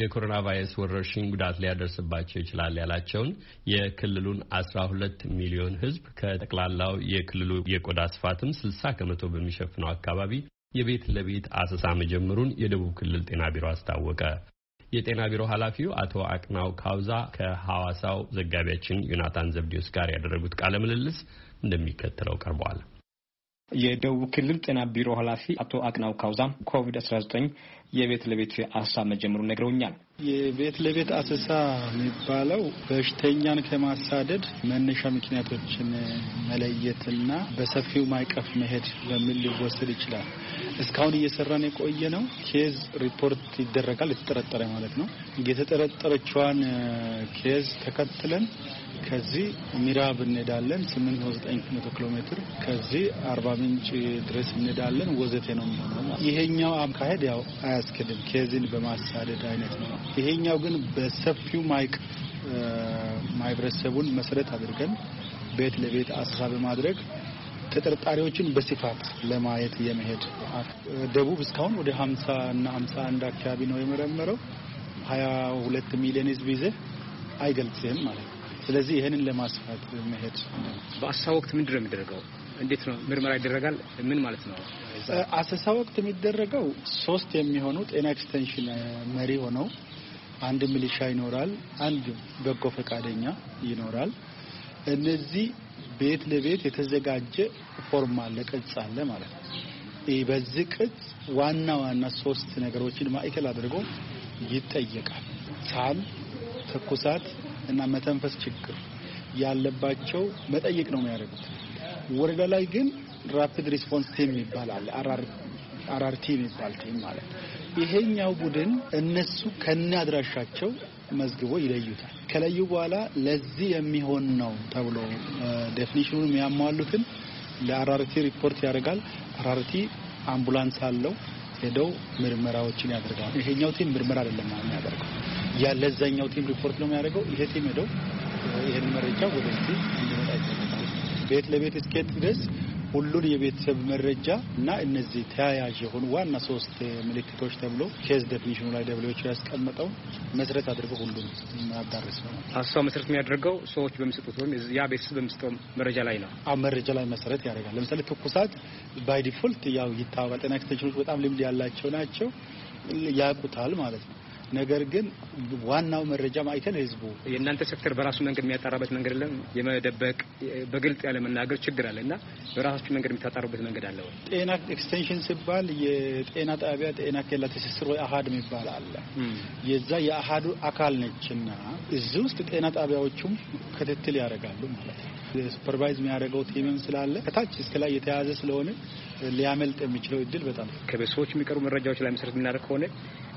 የኮሮና ቫይረስ ወረርሽኝ ጉዳት ሊያደርስባቸው ይችላል ያላቸውን የክልሉን አስራ ሁለት ሚሊዮን ሕዝብ ከጠቅላላው የክልሉ የቆዳ ስፋትም ስልሳ ከመቶ በሚሸፍነው አካባቢ የቤት ለቤት አሰሳ መጀመሩን የደቡብ ክልል ጤና ቢሮ አስታወቀ። የጤና ቢሮ ኃላፊው አቶ አቅናው ካውዛ ከሐዋሳው ዘጋቢያችን ዮናታን ዘብዲዮስ ጋር ያደረጉት ቃለ ምልልስ እንደሚከተለው ቀርበዋል። የደቡብ ክልል ጤና ቢሮ ኃላፊ አቶ አቅናው ካውዛ ኮቪድ-19 የቤት ለቤት አሰሳ መጀመሩን ነግረውኛል። የቤት ለቤት አሰሳ የሚባለው በሽተኛን ከማሳደድ መነሻ ምክንያቶችን መለየትና በሰፊው ማይቀፍ መሄድ በሚል ሊወሰድ ይችላል። እስካሁን እየሰራን የቆየ ነው። ኬዝ ሪፖርት ይደረጋል። የተጠረጠረ ማለት ነው። የተጠረጠረችዋን ኬዝ ተከትለን ከዚህ ሚራብ እንሄዳለን። ስምንት መቶ ዘጠኝ መቶ ኪሎ ሜትር ከዚህ አርባ ምንጭ ድረስ እንሄዳለን። ወዘቴ ነው የሚሆነው። ይሄኛው አካሄድ ያው አያስ አያስኬድም። ኬዝን በማሳደድ አይነት ነው። ይሄኛው ግን በሰፊው ማይክ ማህበረሰቡን መሰረት አድርገን ቤት ለቤት አሰሳ በማድረግ ተጠርጣሪዎችን በስፋት ለማየት የመሄድ ደቡብ እስካሁን ወደ 50 እና 51 አካባቢ ነው የመረመረው። 22 ሚሊዮን ህዝብ ይዘ አይገልጽህም ማለት ነው። ስለዚህ ይህንን ለማስፋት መሄድ በአሳ ወቅት ምንድን ነው የሚደረገው? እንዴት ነው ምርመራ ይደረጋል? ምን ማለት ነው? አሰሳ ወቅት የሚደረገው ሶስት የሚሆኑ ጤና ኤክስቴንሽን መሪ ሆነው አንድ ሚሊሻ ይኖራል፣ አንድ በጎ ፈቃደኛ ይኖራል። እነዚህ ቤት ለቤት የተዘጋጀ ፎርም አለ፣ ቅጽ አለ ማለት ነው። በዚህ ቅጽ ዋና ዋና ሶስት ነገሮችን ማዕከል አድርጎ ይጠየቃል። ሳል፣ ትኩሳት እና መተንፈስ ችግር ያለባቸው መጠየቅ ነው የሚያደርጉት። ወረዳ ላይ ግን ራፒድ ሪስፖንስ ቲም ይባላል አራርቲ የሚባል ቲም ማለት ይሄኛው ቡድን እነሱ ከነ አድራሻቸው መዝግቦ ይለዩታል። ከለዩ በኋላ ለዚህ የሚሆን ነው ተብሎ ዴፊኒሽኑን የሚያሟሉትን ለአራርቲ ሪፖርት ያደርጋል። አራርቲ አምቡላንስ አለው ሄደው ምርመራዎችን ያደርጋል። ይሄኛው ቲም ምርመራ አይደለም የሚያደርገው ያ ለዛኛው ቲም ሪፖርት ነው የሚያደርገው። ይሄ ቲም ሄደው ይህን መረጃ ወደዚህ እንዲመጣ ይደረጋል። ቤት ለቤት እስኬት ድረስ ሁሉን የቤተሰብ መረጃ እና እነዚህ ተያያዥ የሆኑ ዋና ሶስት ምልክቶች ተብሎ ኬዝ ዴፊኒሽኑ ላይ ደብሊዎች ያስቀመጠው መሰረት አድርገው ሁሉን ማዳረስ ነው። ሀሳብ መሰረት የሚያደርገው ሰዎች በሚሰጡት ወይም ያ ቤተሰብ በሚሰጠው መረጃ ላይ ነው። አዎ መረጃ ላይ መሰረት ያደርጋል። ለምሳሌ ትኩሳት ባይ ዲፎልት ያው ይታወቃል። ጤና ኤክስቴንሽኖች በጣም ልምድ ያላቸው ናቸው፣ ያውቁታል ማለት ነው። ነገር ግን ዋናው መረጃ ማይተን ህዝቡ የእናንተ ሴክተር በራሱ መንገድ የሚያጣራበት መንገድ የለም። የመደበቅ በግልጽ ያለ መናገር ችግር አለ እና በራሳችሁ መንገድ የሚታጣሩበት መንገድ አለ ወይ? ጤና ኤክስቴንሽን ሲባል የጤና ጣቢያ ጤና ኬላ ትስስር ወይ አሀድ የሚባል አለ። የዛ የአሀዱ አካል ነችና እዚህ ውስጥ ጤና ጣቢያዎቹም ክትትል ያደርጋሉ ማለት ነው። ሱፐርቫይዝ የሚያደርገው ቲምም ስላለ ከታች እስከ ላይ የተያዘ ስለሆነ ሊያመልጥ የሚችለው እድል በጣም ከቤተሰቦች የሚቀርቡ መረጃዎች ላይ መሰረት የምናደርግ ከሆነ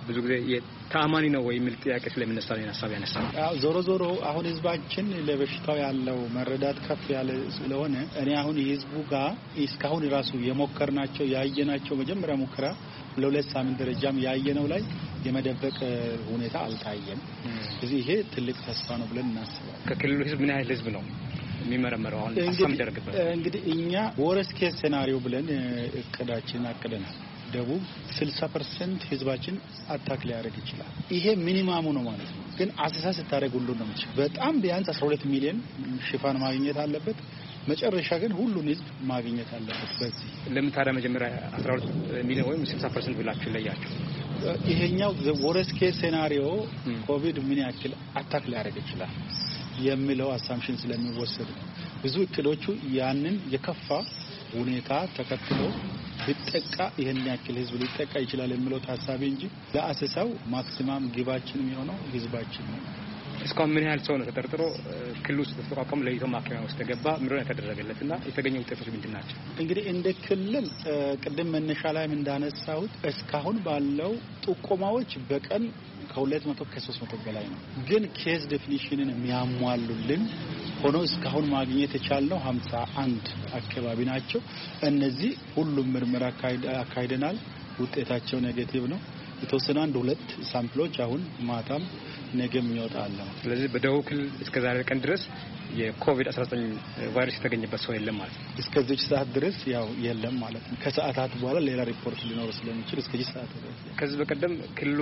ብዙ ጊዜ ተአማኒ ነው ወይ የሚል ጥያቄ ስለሚነሳ ነው ሀሳብ ያነሳ። ዞሮ ዞሮ አሁን ህዝባችን ለበሽታው ያለው መረዳት ከፍ ያለ ስለሆነ እኔ አሁን የህዝቡ ጋር እስካሁን ራሱ የሞከርናቸው ያየናቸው መጀመሪያ ሙከራ ለሁለት ሳምንት ደረጃም ያየነው ላይ የመደበቅ ሁኔታ አልታየም። እዚህ ይሄ ትልቅ ተስፋ ነው ብለን እናስባለን። ከክልሉ ህዝብ ምን ያህል ህዝብ ነው የሚመረመረው? አሁን እንግዲህ እኛ ወረስኬ ሴናሪዮ ብለን እቅዳችን አቅደናል። ደቡብ 60 ፐርሰንት ህዝባችን አታክ ሊያደርግ ይችላል። ይሄ ሚኒማሙ ነው ማለት ነው። ግን አሰሳ ስታደርግ ሁሉ ነው የምችል በጣም ቢያንስ 12 ሚሊዮን ሽፋን ማግኘት አለበት። መጨረሻ ግን ሁሉን ህዝብ ማግኘት አለበት። በዚህ ለምን መጀመሪያ 12 ሚሊዮን ወይም 60 ፐርሰንት ብላችሁ ለያችሁ ይሄኛው ወረስ ኬስ ሴናሪዮ ኮቪድ ምን ያክል አታክ ሊያደርግ ይችላል የሚለው አሳምሽን ስለሚወሰድ ነው። ብዙ እቅዶቹ ያንን የከፋ ሁኔታ ተከትሎ ሊጠቃ ይህን ያክል ህዝብ ሊጠቃ ይችላል የሚለው ታሳቢ እንጂ ለአሰሳው ማክሲማም ግባችን የሆነው ህዝባችን ነው። እስካሁን ምን ያህል ሰው ነው ተጠርጥሮ ክልል ውስጥ ተቋቋሙ ለይቶ ማከሚያ ውስጥ ተገባ ምንድን የተደረገለት እና የተገኘ ውጤቶች ምንድን ናቸው? እንግዲህ እንደ ክልል ቅድም መነሻ ላይም እንዳነሳሁት እስካሁን ባለው ጥቆማዎች በቀን ከሁለት መቶ ከሶስት መቶ በላይ ነው። ግን ኬዝ ዴፊኒሽንን የሚያሟሉልን ሆኖ እስካሁን ማግኘት የቻልነው ሀምሳ አንድ አካባቢ ናቸው። እነዚህ ሁሉም ምርመራ አካሂደናል። ውጤታቸው ኔጌቲቭ ነው። የተወሰነ አንድ ሁለት ሳምፕሎች አሁን ማታም ነገ የሚወጣ ስለዚህ በደቡብ ክልል እስከ ዛሬ ቀን ድረስ የኮቪድ-19 ቫይረስ የተገኘበት ሰው የለም ማለት ነው። እስከዚች ሰዓት ድረስ ያው የለም ማለት ነው። ከሰዓታት በኋላ ሌላ ሪፖርት ሊኖር ስለሚችል እስከዚህ ሰዓት ድረስ። ከዚህ በቀደም ክልሉ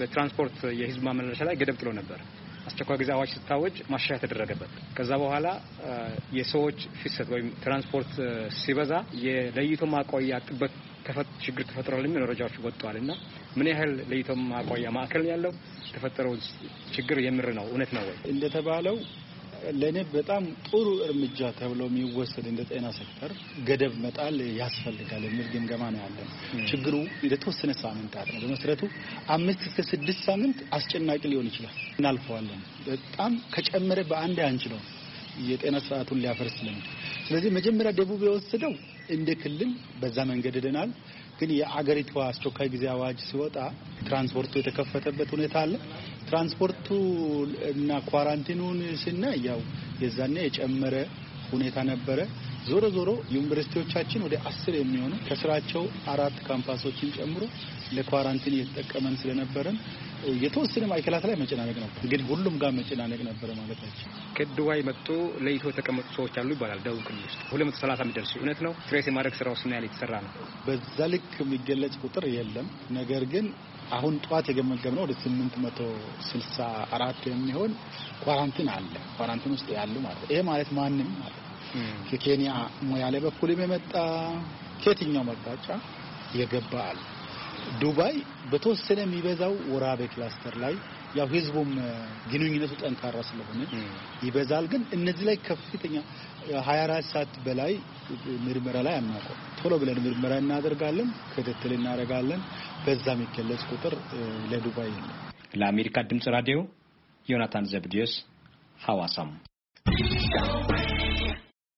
በትራንስፖርት የህዝብ ማመላለሻ ላይ ገደብ ጥሎ ነበር። አስቸኳይ ጊዜ አዋጅ ሲታወጅ ማሻሻያ ተደረገበት። ከዛ በኋላ የሰዎች ፍሰት ወይም ትራንስፖርት ሲበዛ የለይቶ ማቆያ ጥበት ችግር ተፈጥሯል የሚል መረጃዎች ወጥተዋል እና ምን ያህል ለይቶ ማቆያ ማዕከል ያለው የተፈጠረው ችግር የምር ነው እውነት ነው ወይ እንደተባለው ለእኔ በጣም ጥሩ እርምጃ ተብሎ የሚወሰድ እንደ ጤና ሴክተር ገደብ መጣል ያስፈልጋል የሚል ግምገማ ነው ያለን። ችግሩ የተወሰነ ሳምንታት ነው። በመሰረቱ አምስት እስከ ስድስት ሳምንት አስጨናቂ ሊሆን ይችላል፣ እናልፈዋለን። በጣም ከጨመረ በአንድ ነው የጤና ስርዓቱን ሊያፈርስ ስለዚህ መጀመሪያ ደቡብ የወሰደው እንደ ክልል በዛ መንገድ ደናል ግን የአገሪቱ አስቸኳይ ጊዜ አዋጅ ሲወጣ ትራንስፖርቱ የተከፈተበት ሁኔታ አለ። ትራንስፖርቱ እና ኳራንቲኑን ስናይ ያው የዛኔ የጨመረ ሁኔታ ነበረ። ዞሮ ዞሮ ዩኒቨርሲቲዎቻችን ወደ አስር የሚሆኑ ከስራቸው አራት ካምፓሶችን ጨምሮ ለኳራንቲን እየተጠቀመን ስለነበረን የተወሰነ ማዕከላት ላይ መጨናነቅ ነበር፣ ግን ሁሉም ጋር መጨናነቅ ነበረ ማለት ናቸው። ከድዋይ መጥቶ ለይቶ የተቀመጡ ሰዎች አሉ ይባላል። ደቡብ ክልል ውስጥ ሁለት መቶ ሰላሳ የሚደርሱ እውነት ነው። ትሬስ የማድረግ ስራ ውስጥ ያለ የተሰራ ነው። በዛ ልክ የሚገለጽ ቁጥር የለም። ነገር ግን አሁን ጠዋት ነው ወደ ስምንት መቶ ስልሳ አራት የሚሆን ኳራንቲን አለ ኳራንቲን ውስጥ ያሉ ማለት ይሄ ማለት ማንም ማለት ከኬንያ ሞያሌ በኩልም የመጣ ከየትኛው መቅጣጫ የገባ አለ። ዱባይ በተወሰነ የሚበዛው ወራቤ ክላስተር ላይ ያው ህዝቡም ግንኙነቱ ጠንካራ ስለሆነ ይበዛል። ግን እነዚህ ላይ ከፍተኛ 24 ሰዓት በላይ ምርመራ ላይ አናውቀውም። ቶሎ ብለን ምርመራ እናደርጋለን፣ ክትትል እናደርጋለን። በዛ የሚገለጽ ቁጥር ለዱባይ የለም። ለአሜሪካ ድምጽ ራዲዮ ዮናታን ዘብዲዮስ ሐዋሳም